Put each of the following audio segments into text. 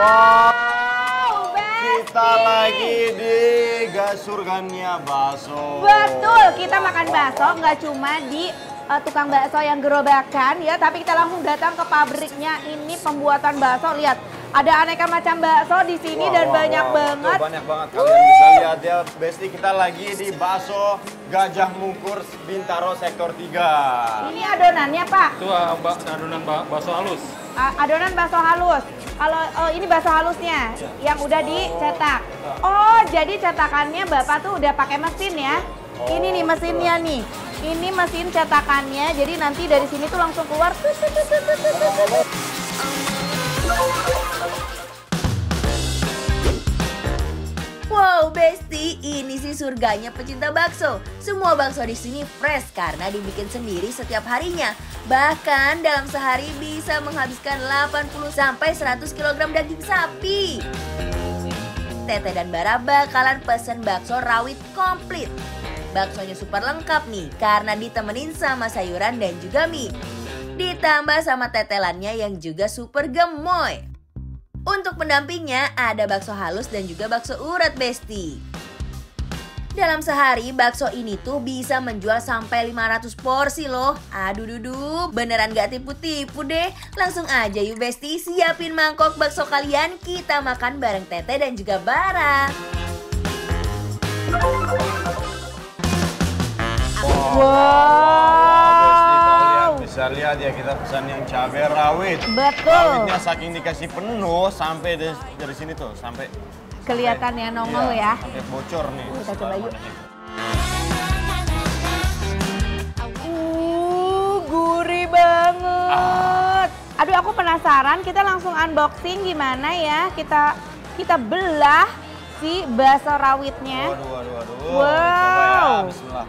Wow, kita lagi di gasurkannya bakso. Betul, kita makan bakso nggak cuma di uh, tukang bakso yang gerobakan ya, tapi kita langsung datang ke pabriknya. Ini pembuatan bakso, lihat ada aneka macam bakso di sini wow, dan wow, banyak wow, banget. Banyak banget. Kalian bisa lihat ya, Besti kita lagi di bakso Gajah mukur Bintaro sektor 3. Ini adonannya, Pak? Itu ah, adonan bakso halus. Adonan bakso halus. Kalau oh, ini bakso halusnya ya. yang udah oh. dicetak. Oh, jadi cetakannya Bapak tuh udah pakai mesin ya? Oh, ini nih oh, mesinnya betul. nih. Ini mesin cetakannya. Jadi nanti dari sini tuh langsung keluar. Oh, oh, oh. Wow, Besti, ini sih surganya pecinta bakso. Semua bakso di sini fresh karena dibikin sendiri setiap harinya. Bahkan dalam sehari bisa menghabiskan 80 sampai 100 kg daging sapi. Tete dan Bara bakalan pesen bakso rawit komplit. Baksonya super lengkap nih karena ditemenin sama sayuran dan juga mie. Ditambah sama tetelannya yang juga super gemoy. Untuk pendampingnya ada bakso halus dan juga bakso urat besti. Dalam sehari, bakso ini tuh bisa menjual sampai 500 porsi loh. Aduh dudu, beneran gak tipu-tipu deh. Langsung aja yuk Besti, siapin mangkok bakso kalian. Kita makan bareng Tete dan juga Bara. Wow bisa lihat ya kita pesan yang cabai rawit. Betul. Rawitnya saking dikasih penuh sampai dari, dari sini tuh sampai kelihatan ya nongol iya, ya. Sampai bocor nih. Kita coba yuk. Uh, gurih banget. Ah. Aduh aku penasaran kita langsung unboxing gimana ya kita kita belah si bakso rawitnya. Waduh, waduh, waduh. Wow. Coba ya, Bismillah.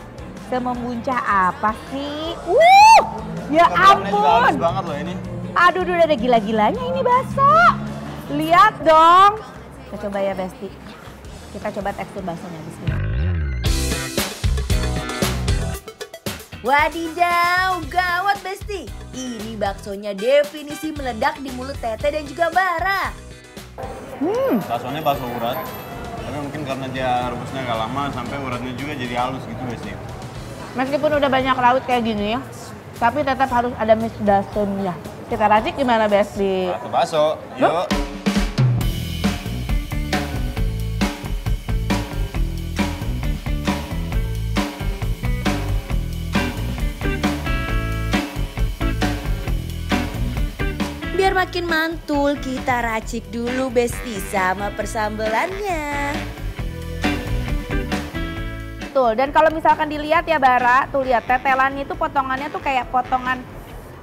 Semembuncah apa sih? Uh. Ya ampun. banget loh ini. Aduh, udah ada gila-gilanya ini bakso. Lihat dong. Kita coba ya Besti. Kita coba tekstur baksonya di sini. Wadidaw, gawat Besti. Ini baksonya definisi meledak di mulut Tete dan juga Bara. Hmm. Baksonya bakso urat. Tapi mungkin karena dia rebusnya gak lama sampai uratnya juga jadi halus gitu Besti. Meskipun udah banyak laut kayak gini ya, tapi tetap harus ada mix dasunnya. Kita racik gimana, Besti? Satu bakso, yuk. Biar makin mantul, kita racik dulu Besti sama persambelannya. Betul. Dan kalau misalkan dilihat ya Bara, tuh lihat tetelannya itu potongannya tuh kayak potongan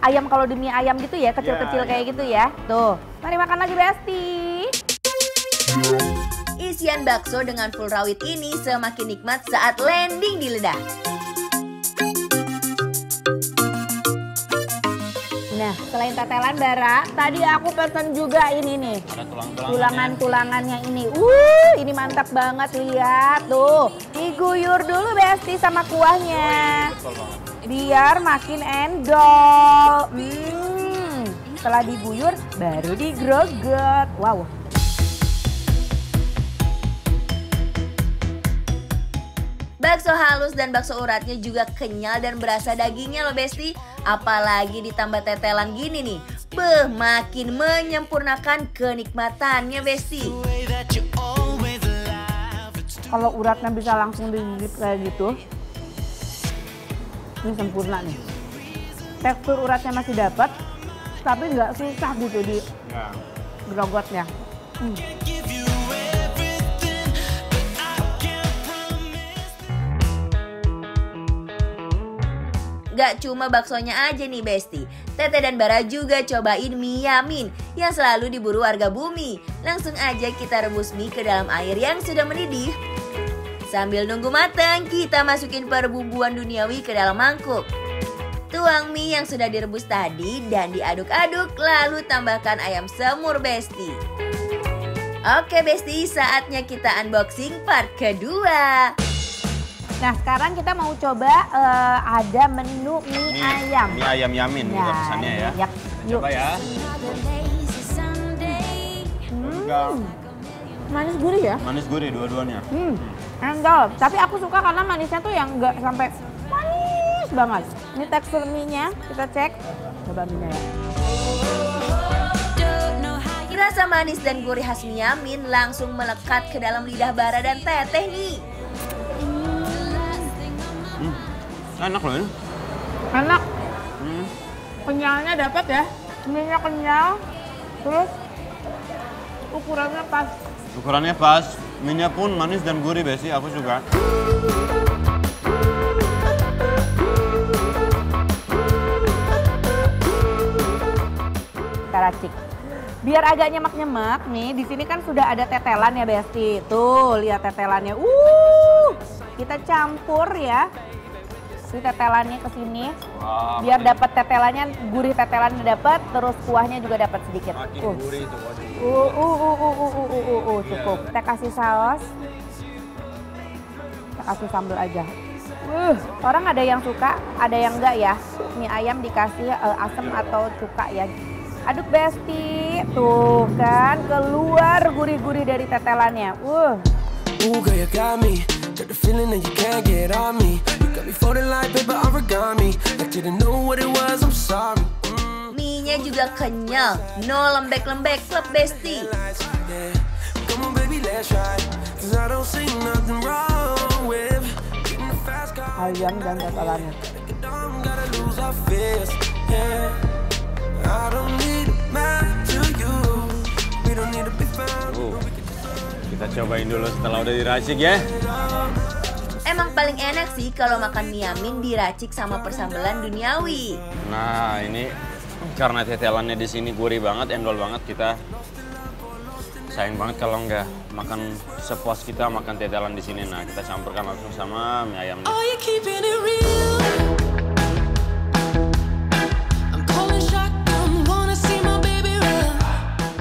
ayam kalau demi ayam gitu ya, kecil-kecil ya, kayak ya, gitu ya. Tuh. Mari makan lagi Besti. Isian bakso dengan full rawit ini semakin nikmat saat landing di lidah. Selain tetelan bara, tadi aku pesen juga ini nih. tulangan ya. Tulangan-tulangannya ini. Uh, ini mantap banget lihat tuh. Diguyur dulu Besti sama kuahnya. Biar makin endol. Hmm. Setelah diguyur baru digrogot. Wow, Bakso halus dan bakso uratnya juga kenyal dan berasa dagingnya loh Besti. Apalagi ditambah tetelan gini nih. Beh, makin menyempurnakan kenikmatannya Besti. Kalau uratnya bisa langsung digigit kayak gitu, ini sempurna nih. Tekstur uratnya masih dapat, tapi nggak susah gitu di ya. grogotnya. Hmm. Gak cuma baksonya aja nih Besti, Tete dan Bara juga cobain mie yamin yang selalu diburu warga bumi. Langsung aja kita rebus mie ke dalam air yang sudah mendidih. Sambil nunggu matang, kita masukin perbumbuan duniawi ke dalam mangkuk. Tuang mie yang sudah direbus tadi dan diaduk-aduk lalu tambahkan ayam semur besti. Oke besti, saatnya kita unboxing part kedua. Nah sekarang kita mau coba uh, ada menu mie, mie ayam. Mie ayam yamin nah, juga pesannya ya. Yap. coba ya. Hmm. Manis gurih ya? Manis gurih dua-duanya. Hmm. Endol. Tapi aku suka karena manisnya tuh yang nggak sampai manis banget. Ini tekstur mie-nya kita cek. Coba mie ya. Rasa manis dan gurih khas mie yamin langsung melekat ke dalam lidah bara dan teteh nih. Enak loh ini. Enak. Hmm. Kenyalnya dapat ya. minyaknya kenyal. Terus ukurannya pas. Ukurannya pas. Minyak pun manis dan gurih besi, aku juga Karacik. Biar agak nyemak-nyemak nih, di sini kan sudah ada tetelan ya Besti. Tuh, lihat tetelannya. Uh, kita campur ya si tetelannya ke sini. Wow, biar dapat tetelannya, gurih tetelannya dapat, terus kuahnya juga dapat sedikit. Uh. uh. Uh, uh, uh, uh, uh, uh, uh, uh, uh iya. cukup. Kita kasih saus. Kita kasih sambal aja. Uh, orang ada yang suka, ada yang enggak ya. Mie ayam dikasih uh, eh, asam iya. atau cuka ya. Aduk besti, tuh kan keluar gurih-gurih dari tetelannya. Uh. Ooh, girl, you got me. Got the feeling that you can't get on me me mm. juga kenyal, no lembek-lembek, klub besti Ayam dan tetelannya oh. kita cobain dulu setelah udah diracik ya emang paling enak sih kalau makan mie diracik sama persambelan duniawi. Nah, ini karena tetelannya di sini gurih banget, endol banget kita. Sayang banget kalau nggak makan sepuas kita makan tetelan di sini. Nah, kita campurkan langsung sama mie ayam. Oh,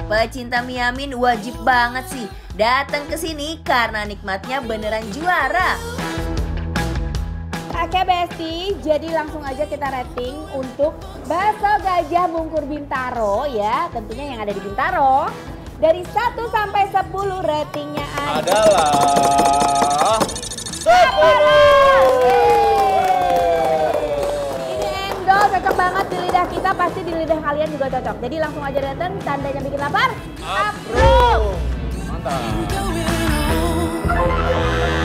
Pecinta mie wajib banget sih datang ke sini karena nikmatnya beneran juara. Oke Besti, jadi langsung aja kita rating untuk bakso gajah mungkur Bintaro ya. Tentunya yang ada di Bintaro. Dari 1 sampai 10 ratingnya adalah 10. Ini endol cocok banget di lidah kita, pasti di lidah kalian juga cocok. Jadi langsung aja datang, tandanya bikin lapar. Approve. Mantap.